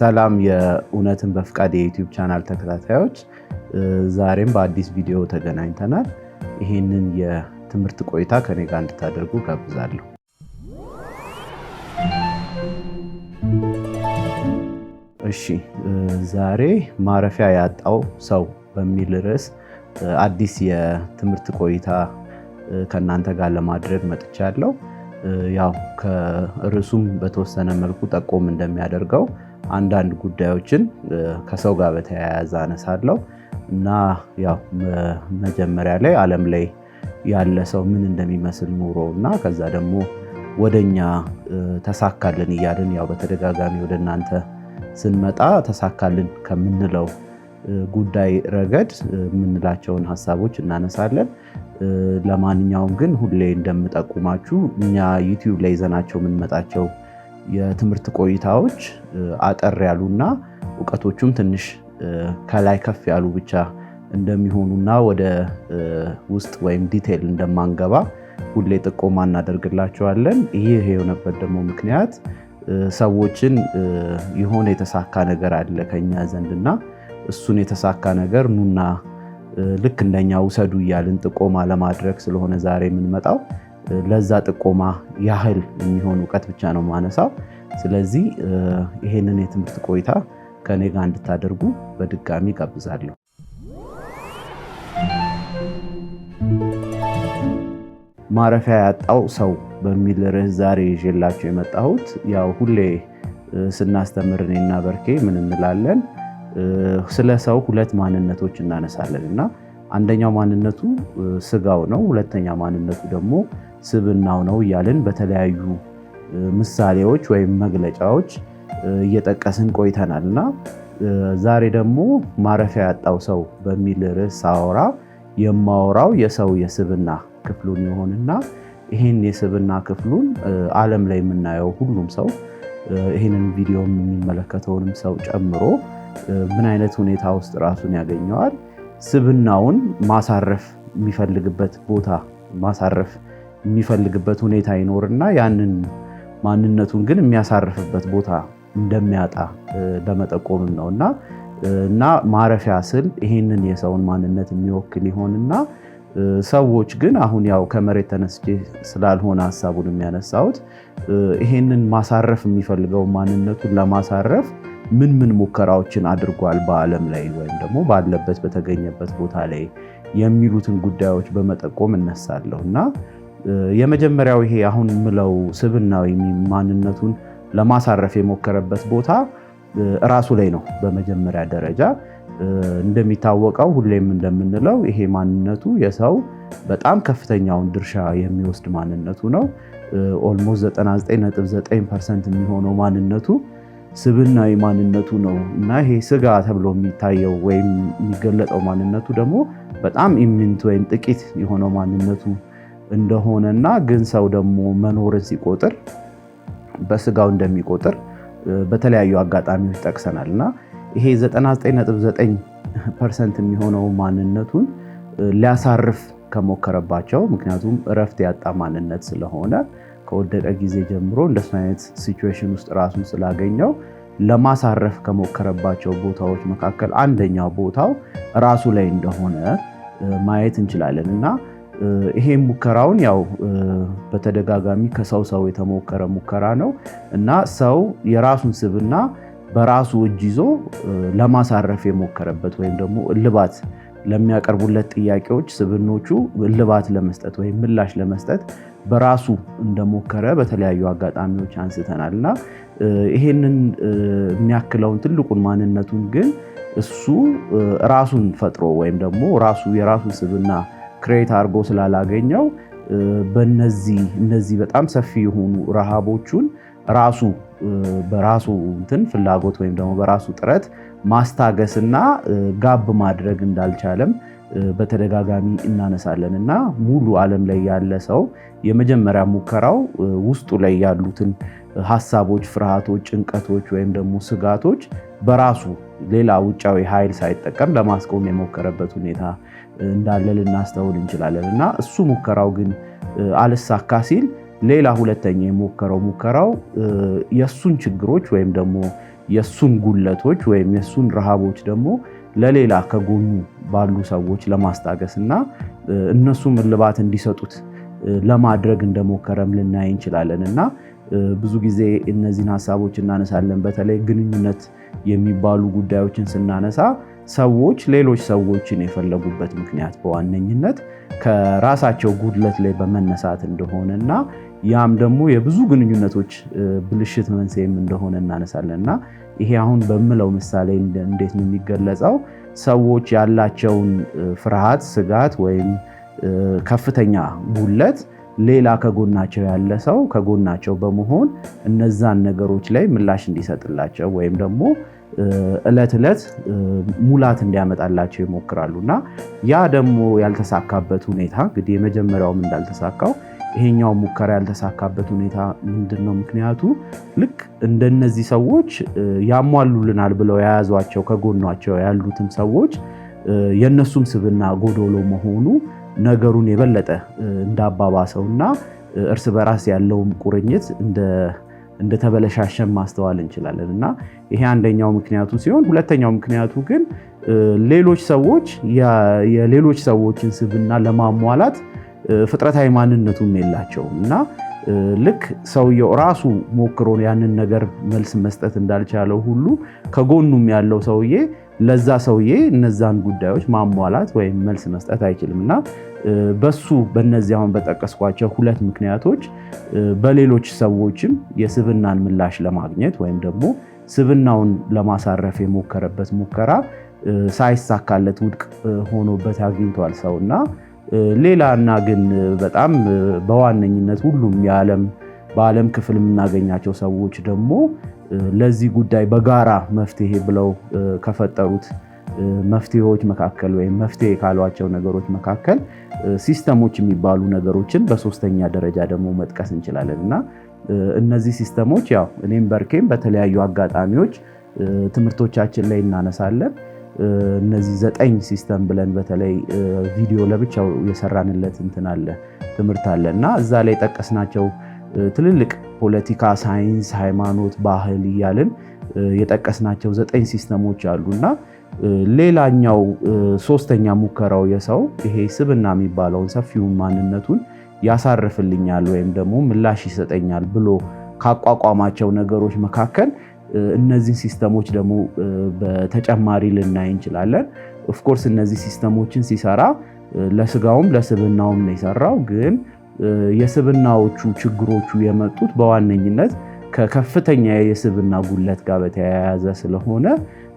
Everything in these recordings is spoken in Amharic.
ሰላም የእውነትን በፍቃድ የዩቲዩብ ቻናል ተከታታዮች፣ ዛሬም በአዲስ ቪዲዮ ተገናኝተናል። ይህንን የትምህርት ቆይታ ከኔ ጋር እንድታደርጉ ጋብዛለሁ። እሺ፣ ዛሬ ማረፊያ ያጣው ሰው በሚል ርዕስ አዲስ የትምህርት ቆይታ ከእናንተ ጋር ለማድረግ መጥቻለሁ። ያው ከርዕሱም በተወሰነ መልኩ ጠቆም እንደሚያደርገው አንዳንድ ጉዳዮችን ከሰው ጋር በተያያዘ አነሳለሁ እና ያው መጀመሪያ ላይ ዓለም ላይ ያለ ሰው ምን እንደሚመስል ኑሮ እና ከዛ ደግሞ ወደኛ ተሳካልን እያልን ያው በተደጋጋሚ ወደ እናንተ ስንመጣ ተሳካልን ከምንለው ጉዳይ ረገድ የምንላቸውን ሀሳቦች እናነሳለን። ለማንኛውም ግን ሁሌ እንደምጠቁማችሁ እኛ ዩቲዩብ ላይ ይዘናቸው የምንመጣቸው የትምህርት ቆይታዎች አጠር ያሉና እውቀቶቹም ትንሽ ከላይ ከፍ ያሉ ብቻ እንደሚሆኑና ወደ ውስጥ ወይም ዲቴል እንደማንገባ ሁሌ ጥቆማ እናደርግላቸዋለን። ይህ የሆነበት ደግሞ ምክንያት ሰዎችን የሆነ የተሳካ ነገር አለ ከኛ ዘንድና እሱን የተሳካ ነገር ኑና ልክ እንደኛ ውሰዱ እያልን ጥቆማ ለማድረግ ስለሆነ ዛሬ የምንመጣው ለዛ ጥቆማ ያህል የሚሆን እውቀት ብቻ ነው ማነሳው። ስለዚህ ይሄንን የትምህርት ቆይታ ከኔ ጋር እንድታደርጉ በድጋሚ ጋብዛለሁ። ማረፊያ ያጣው ሰው በሚል ርዕስ ዛሬ ይዤላቸው የመጣሁት ያው ሁሌ ስናስተምር እኔና በርኬ ምን እንላለን? ስለ ሰው ሁለት ማንነቶች እናነሳለን እና አንደኛው ማንነቱ ስጋው ነው። ሁለተኛ ማንነቱ ደግሞ ስብናው ነው እያልን በተለያዩ ምሳሌዎች ወይም መግለጫዎች እየጠቀስን ቆይተናል እና ዛሬ ደግሞ ማረፊያ ያጣው ሰው በሚል ርዕስ አወራ የማወራው የሰው የስብና ክፍሉን ይሆንና ይህን የስብና ክፍሉን ዓለም ላይ የምናየው ሁሉም ሰው ይህንን ቪዲዮ የሚመለከተውንም ሰው ጨምሮ ምን አይነት ሁኔታ ውስጥ ራሱን ያገኘዋል፣ ስብናውን ማሳረፍ የሚፈልግበት ቦታ ማሳረፍ የሚፈልግበት ሁኔታ ይኖርና ያንን ማንነቱን ግን የሚያሳርፍበት ቦታ እንደሚያጣ ለመጠቆምም ነው እና እና ማረፊያ ስል ይሄንን የሰውን ማንነት የሚወክል ይሆንና ሰዎች ግን አሁን ያው ከመሬት ተነስቼ ስላልሆነ ሀሳቡን የሚያነሳሁት ይሄንን ማሳረፍ የሚፈልገው ማንነቱን ለማሳረፍ ምን ምን ሙከራዎችን አድርጓል በዓለም ላይ ወይም ደግሞ ባለበት በተገኘበት ቦታ ላይ የሚሉትን ጉዳዮች በመጠቆም እነሳለሁ እና የመጀመሪያው ይሄ አሁን ምለው ስብና ወይም ማንነቱን ለማሳረፍ የሞከረበት ቦታ እራሱ ላይ ነው። በመጀመሪያ ደረጃ እንደሚታወቀው ሁሌም እንደምንለው ይሄ ማንነቱ የሰው በጣም ከፍተኛውን ድርሻ የሚወስድ ማንነቱ ነው። ኦልሞስት 99.9 የሚሆነው ማንነቱ ስብናዊ ማንነቱ ነው እና ይሄ ስጋ ተብሎ የሚታየው ወይም የሚገለጠው ማንነቱ ደግሞ በጣም ኢሚንት ወይም ጥቂት የሆነው ማንነቱ እንደሆነና ግን ሰው ደግሞ መኖርን ሲቆጥር በስጋው እንደሚቆጥር በተለያዩ አጋጣሚዎች ጠቅሰናል እና ይሄ 99.9 ፐርሰንት የሚሆነው ማንነቱን ሊያሳርፍ ከሞከረባቸው ምክንያቱም እረፍት ያጣ ማንነት ስለሆነ ከወደቀ ጊዜ ጀምሮ እንደሱ አይነት ሲቹዌሽን ውስጥ ራሱን ስላገኘው ለማሳረፍ ከሞከረባቸው ቦታዎች መካከል አንደኛው ቦታው ራሱ ላይ እንደሆነ ማየት እንችላለን እና ይሄ ሙከራውን ያው በተደጋጋሚ ከሰው ሰው የተሞከረ ሙከራ ነው እና ሰው የራሱን ስብና በራሱ እጅ ይዞ ለማሳረፍ የሞከረበት ወይም ደግሞ እልባት ለሚያቀርቡለት ጥያቄዎች ስብኖቹ እልባት ለመስጠት ወይም ምላሽ ለመስጠት በራሱ እንደሞከረ በተለያዩ አጋጣሚዎች አንስተናል እና ይሄንን የሚያክለውን ትልቁን ማንነቱን ግን እሱ ራሱን ፈጥሮ ወይም ደግሞ ራሱ የራሱን ስብና ክሬት አድርጎ ስላላገኘው በነዚህ እነዚህ በጣም ሰፊ የሆኑ ረሃቦቹን ራሱ በራሱ እንትን ፍላጎት ወይም ደግሞ በራሱ ጥረት ማስታገስና ጋብ ማድረግ እንዳልቻለም በተደጋጋሚ እናነሳለን እና ሙሉ ዓለም ላይ ያለ ሰው የመጀመሪያ ሙከራው ውስጡ ላይ ያሉትን ሀሳቦች፣ ፍርሃቶች፣ ጭንቀቶች ወይም ደግሞ ስጋቶች በራሱ ሌላ ውጫዊ ኃይል ሳይጠቀም ለማስቆም የሞከረበት ሁኔታ እንዳለ ልናስተውል እንችላለን እና እሱ ሙከራው ግን አልሳካ ሲል ሌላ ሁለተኛ የሞከረው ሙከራው የእሱን ችግሮች ወይም ደግሞ የእሱን ጉለቶች ወይም የእሱን ረሃቦች ደግሞ ለሌላ ከጎኑ ባሉ ሰዎች ለማስታገስ እና እነሱም እልባት እንዲሰጡት ለማድረግ እንደሞከረም ልናይ እንችላለን እና ብዙ ጊዜ እነዚህን ሀሳቦች እናነሳለን። በተለይ ግንኙነት የሚባሉ ጉዳዮችን ስናነሳ ሰዎች ሌሎች ሰዎችን የፈለጉበት ምክንያት በዋነኝነት ከራሳቸው ጉድለት ላይ በመነሳት እንደሆነ እና ያም ደግሞ የብዙ ግንኙነቶች ብልሽት መንስኤም እንደሆነ እናነሳለን እና ይሄ አሁን በምለው ምሳሌ እንዴት ነው የሚገለጸው? ሰዎች ያላቸውን ፍርሃት፣ ስጋት ወይም ከፍተኛ ጉድለት ሌላ ከጎናቸው ያለ ሰው ከጎናቸው በመሆን እነዛን ነገሮች ላይ ምላሽ እንዲሰጥላቸው ወይም ደግሞ እለት እለት ሙላት እንዲያመጣላቸው ይሞክራሉ እና ያ ደግሞ ያልተሳካበት ሁኔታ እንግዲህ የመጀመሪያውም እንዳልተሳካው ይሄኛው ሙከራ ያልተሳካበት ሁኔታ ምንድን ነው? ምክንያቱ ልክ እንደነዚህ ሰዎች ያሟሉልናል ብለው የያዟቸው ከጎኗቸው ያሉትም ሰዎች የእነሱም ስብና ጎዶሎ መሆኑ ነገሩን የበለጠ እንዳባባሰው እና እርስ በራስ ያለውም ቁርኝት እንደተበለሻሸን ማስተዋል እንችላለን እና ይሄ አንደኛው ምክንያቱ ሲሆን፣ ሁለተኛው ምክንያቱ ግን ሌሎች ሰዎች የሌሎች ሰዎችን ስብና ለማሟላት ፍጥረታዊ ማንነቱም የላቸውም እና ልክ ሰውየው ራሱ ሞክሮ ያንን ነገር መልስ መስጠት እንዳልቻለው ሁሉ ከጎኑም ያለው ሰውዬ ለዛ ሰውዬ እነዛን ጉዳዮች ማሟላት ወይም መልስ መስጠት አይችልም እና በሱ በነዚህ አሁን በጠቀስኳቸው ሁለት ምክንያቶች በሌሎች ሰዎችም የስብናን ምላሽ ለማግኘት ወይም ደግሞ ስብናውን ለማሳረፍ የሞከረበት ሙከራ ሳይሳካለት ውድቅ ሆኖበት አግኝቷል ሰው እና ሌላ እና ግን በጣም በዋነኝነት ሁሉም የዓለም በዓለም ክፍል የምናገኛቸው ሰዎች ደግሞ ለዚህ ጉዳይ በጋራ መፍትሄ ብለው ከፈጠሩት መፍትሄዎች መካከል ወይም መፍትሄ ካሏቸው ነገሮች መካከል ሲስተሞች የሚባሉ ነገሮችን በሶስተኛ ደረጃ ደግሞ መጥቀስ እንችላለን እና እነዚህ ሲስተሞች ያው እኔም በርኬም በተለያዩ አጋጣሚዎች ትምህርቶቻችን ላይ እናነሳለን። እነዚህ ዘጠኝ ሲስተም ብለን በተለይ ቪዲዮ ለብቻው የሰራንለት እንትን አለ ትምህርት አለ እና እዛ ላይ ጠቀስናቸው ትልልቅ ፖለቲካ፣ ሳይንስ፣ ሃይማኖት፣ ባህል እያልን የጠቀስናቸው ዘጠኝ ሲስተሞች አሉና ሌላኛው ሶስተኛ ሙከራው የሰው ይሄ ስብና የሚባለውን ሰፊውን ማንነቱን ያሳርፍልኛል ወይም ደግሞ ምላሽ ይሰጠኛል ብሎ ካቋቋማቸው ነገሮች መካከል እነዚህን ሲስተሞች ደግሞ በተጨማሪ ልናይ እንችላለን። ኦፍኮርስ እነዚህ ሲስተሞችን ሲሰራ ለስጋውም ለስብናውም ነው የሰራው ግን የስብናዎቹ ችግሮቹ የመጡት በዋነኝነት ከከፍተኛ የስብና ጉለት ጋር በተያያዘ ስለሆነ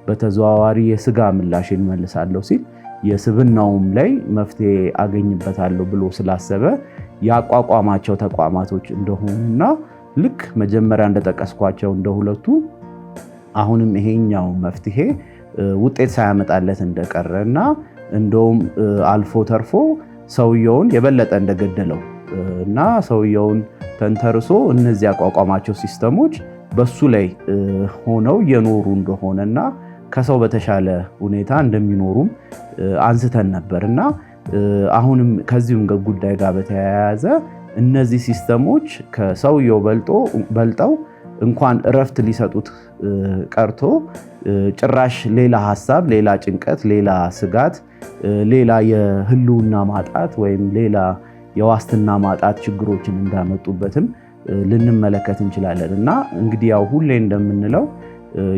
በተዘዋዋሪ የስጋ ምላሽ እንመልሳለሁ ሲል የስብናውም ላይ መፍትሄ አገኝበታለሁ ብሎ ስላሰበ ያቋቋማቸው ተቋማቶች እንደሆኑና ልክ መጀመሪያ እንደጠቀስኳቸው እንደ ሁለቱ አሁንም ይሄኛው መፍትሄ ውጤት ሳያመጣለት እንደቀረ እና እንደውም አልፎ ተርፎ ሰውየውን የበለጠ እንደገደለው እና ሰውየውን ተንተርሶ እነዚህ ያቋቋማቸው ሲስተሞች በሱ ላይ ሆነው እየኖሩ እንደሆነ እና ከሰው በተሻለ ሁኔታ እንደሚኖሩም አንስተን ነበር እና አሁንም ከዚሁም ጉዳይ ጋር በተያያዘ እነዚህ ሲስተሞች ከሰውየው በልጠው እንኳን እረፍት ሊሰጡት ቀርቶ ጭራሽ ሌላ ሀሳብ፣ ሌላ ጭንቀት፣ ሌላ ስጋት፣ ሌላ የህልውና ማጣት ወይም ሌላ የዋስትና ማጣት ችግሮችን እንዳመጡበትም ልንመለከት እንችላለን እና እንግዲህ ያው ሁሌ እንደምንለው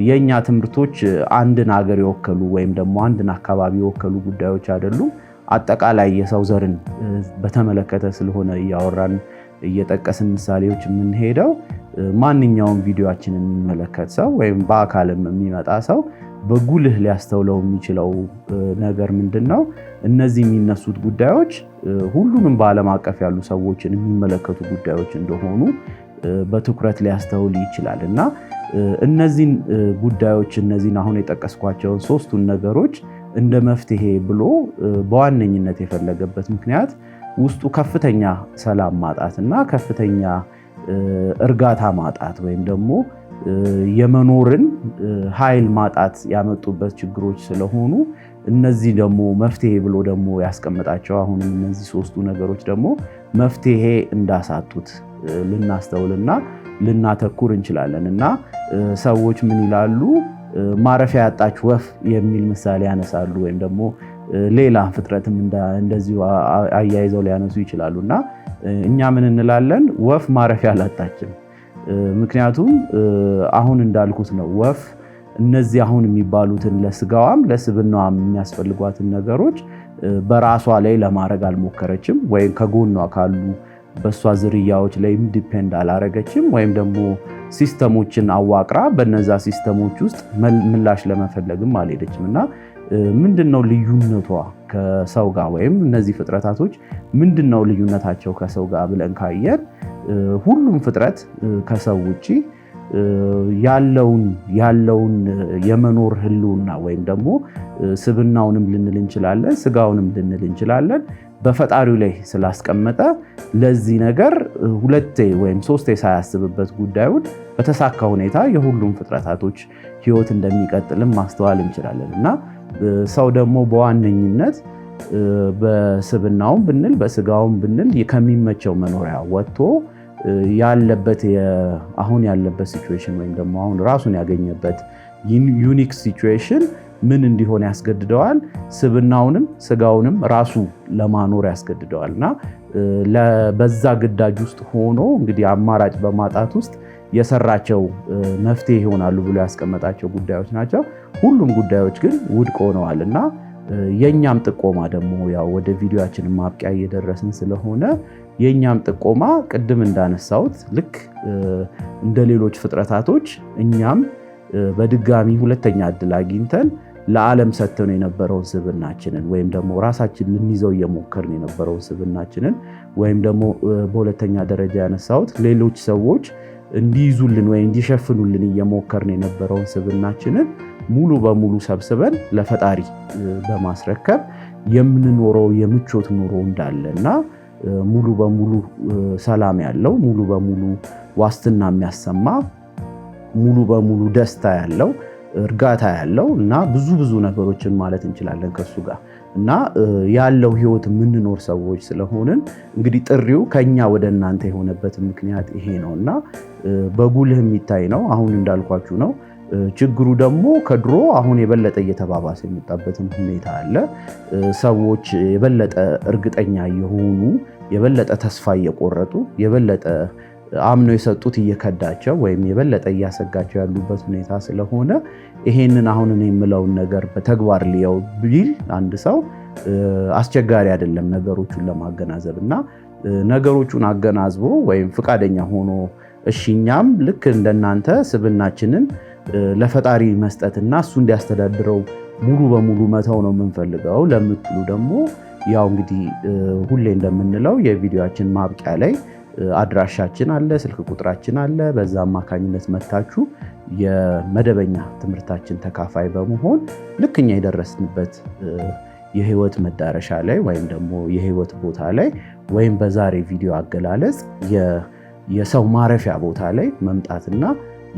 የእኛ ትምህርቶች አንድን ሀገር የወከሉ ወይም ደግሞ አንድን አካባቢ የወከሉ ጉዳዮች አይደሉም። አጠቃላይ የሰው ዘርን በተመለከተ ስለሆነ እያወራን እየጠቀስን ምሳሌዎች የምንሄደው ማንኛውም ቪዲዮችን የሚመለከት ሰው ወይም በአካልም የሚመጣ ሰው በጉልህ ሊያስተውለው የሚችለው ነገር ምንድን ነው? እነዚህ የሚነሱት ጉዳዮች ሁሉንም በዓለም አቀፍ ያሉ ሰዎችን የሚመለከቱ ጉዳዮች እንደሆኑ በትኩረት ሊያስተውል ይችላል እና እነዚህን ጉዳዮች እነዚህን አሁን የጠቀስኳቸውን ሶስቱን ነገሮች እንደ መፍትሄ ብሎ በዋነኝነት የፈለገበት ምክንያት ውስጡ ከፍተኛ ሰላም ማጣት እና ከፍተኛ እርጋታ ማጣት ወይም ደግሞ የመኖርን ኃይል ማጣት ያመጡበት ችግሮች ስለሆኑ እነዚህ ደግሞ መፍትሄ ብሎ ደግሞ ያስቀመጣቸው አሁንም እነዚህ ሶስቱ ነገሮች ደግሞ መፍትሄ እንዳሳጡት ልናስተውልና ልናተኩር እንችላለን እና ሰዎች ምን ይላሉ? ማረፊያ ያጣች ወፍ የሚል ምሳሌ ያነሳሉ ወይም ደግሞ ሌላ ፍጥረትም እንደዚሁ አያይዘው ሊያነሱ ይችላሉ እና እኛ ምን እንላለን? ወፍ ማረፊያ አላጣችም። ምክንያቱም አሁን እንዳልኩት ነው ወፍ እነዚህ አሁን የሚባሉትን ለስጋዋም ለስብናዋም የሚያስፈልጓትን ነገሮች በራሷ ላይ ለማድረግ አልሞከረችም፣ ወይም ከጎኗ ካሉ በእሷ ዝርያዎች ላይም ዲፔንድ አላረገችም፣ ወይም ደግሞ ሲስተሞችን አዋቅራ በነዛ ሲስተሞች ውስጥ ምላሽ ለመፈለግም አልሄደችም እና ምንድን ነው ልዩነቷ ከሰው ጋር ወይም እነዚህ ፍጥረታቶች ምንድን ነው ልዩነታቸው ከሰው ጋር ብለን ካየን ሁሉም ፍጥረት ከሰው ውጭ ያለውን ያለውን የመኖር ህልውና ወይም ደግሞ ስብናውንም ልንል እንችላለን፣ ስጋውንም ልንል እንችላለን በፈጣሪው ላይ ስላስቀመጠ ለዚህ ነገር ሁለቴ ወይም ሶስቴ ሳያስብበት ጉዳዩን በተሳካ ሁኔታ የሁሉም ፍጥረታቶች ህይወት እንደሚቀጥልም ማስተዋል እንችላለን እና ሰው ደግሞ በዋነኝነት በስብናውም ብንል በስጋውም ብንል ከሚመቸው መኖሪያ ወጥቶ ያለበት አሁን ያለበት ሲቹዌሽን ወይም ደግሞ አሁን ራሱን ያገኘበት ዩኒክ ሲቹዌሽን ምን እንዲሆን ያስገድደዋል? ስብናውንም ስጋውንም ራሱ ለማኖር ያስገድደዋል እና በዛ ግዳጅ ውስጥ ሆኖ እንግዲህ አማራጭ በማጣት ውስጥ የሰራቸው መፍትሄ ይሆናሉ ብሎ ያስቀመጣቸው ጉዳዮች ናቸው። ሁሉም ጉዳዮች ግን ውድቅ ሆነዋል እና የእኛም ጥቆማ ደግሞ ያው ወደ ቪዲዮችን ማብቂያ እየደረስን ስለሆነ የእኛም ጥቆማ ቅድም እንዳነሳሁት ልክ እንደ ሌሎች ፍጥረታቶች እኛም በድጋሚ ሁለተኛ እድል አግኝተን ለዓለም ሰጥተን የነበረውን ስብናችንን ወይም ደግሞ ራሳችን ልንይዘው እየሞከርን የነበረውን ስብናችንን ወይም ደግሞ በሁለተኛ ደረጃ ያነሳሁት ሌሎች ሰዎች እንዲይዙልን ወይም እንዲሸፍኑልን እየሞከርን የነበረውን ስብናችንን ሙሉ በሙሉ ሰብስበን ለፈጣሪ በማስረከብ የምንኖረው የምቾት ኑሮ እንዳለ እና ሙሉ በሙሉ ሰላም ያለው ሙሉ በሙሉ ዋስትና የሚያሰማ ሙሉ በሙሉ ደስታ ያለው እርጋታ ያለው እና ብዙ ብዙ ነገሮችን ማለት እንችላለን ከሱ ጋር እና ያለው ህይወት የምንኖር ሰዎች ስለሆንን እንግዲህ ጥሪው ከኛ ወደ እናንተ የሆነበት ምክንያት ይሄ ነው እና በጉልህ የሚታይ ነው። አሁን እንዳልኳችሁ ነው። ችግሩ ደግሞ ከድሮ አሁን የበለጠ እየተባባሰ የመጣበትም ሁኔታ አለ። ሰዎች የበለጠ እርግጠኛ የሆኑ የበለጠ ተስፋ እየቆረጡ የበለጠ አምነው የሰጡት እየከዳቸው ወይም የበለጠ እያሰጋቸው ያሉበት ሁኔታ ስለሆነ ይሄንን አሁን የምለውን ነገር በተግባር ሊያው ቢል አንድ ሰው አስቸጋሪ አይደለም ነገሮቹን ለማገናዘብ እና ነገሮቹን አገናዝቦ ወይም ፈቃደኛ ሆኖ እሺ እኛም ልክ እንደናንተ ስብናችንን ለፈጣሪ መስጠትና እሱ እንዲያስተዳድረው ሙሉ በሙሉ መተው ነው የምንፈልገው ለምትሉ ደግሞ ያው እንግዲህ ሁሌ እንደምንለው የቪዲዮችን ማብቂያ ላይ አድራሻችን አለ፣ ስልክ ቁጥራችን አለ። በዛ አማካኝነት መታችሁ የመደበኛ ትምህርታችን ተካፋይ በመሆን ልክ እኛ የደረስንበት የህይወት መዳረሻ ላይ ወይም ደግሞ የህይወት ቦታ ላይ ወይም በዛሬ ቪዲዮ አገላለጽ የሰው ማረፊያ ቦታ ላይ መምጣትና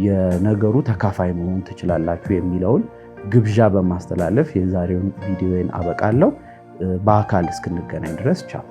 የነገሩ ተካፋይ መሆን ትችላላችሁ የሚለውን ግብዣ በማስተላለፍ የዛሬውን ቪዲዮን አበቃለሁ። በአካል እስክንገናኝ ድረስ ቻው።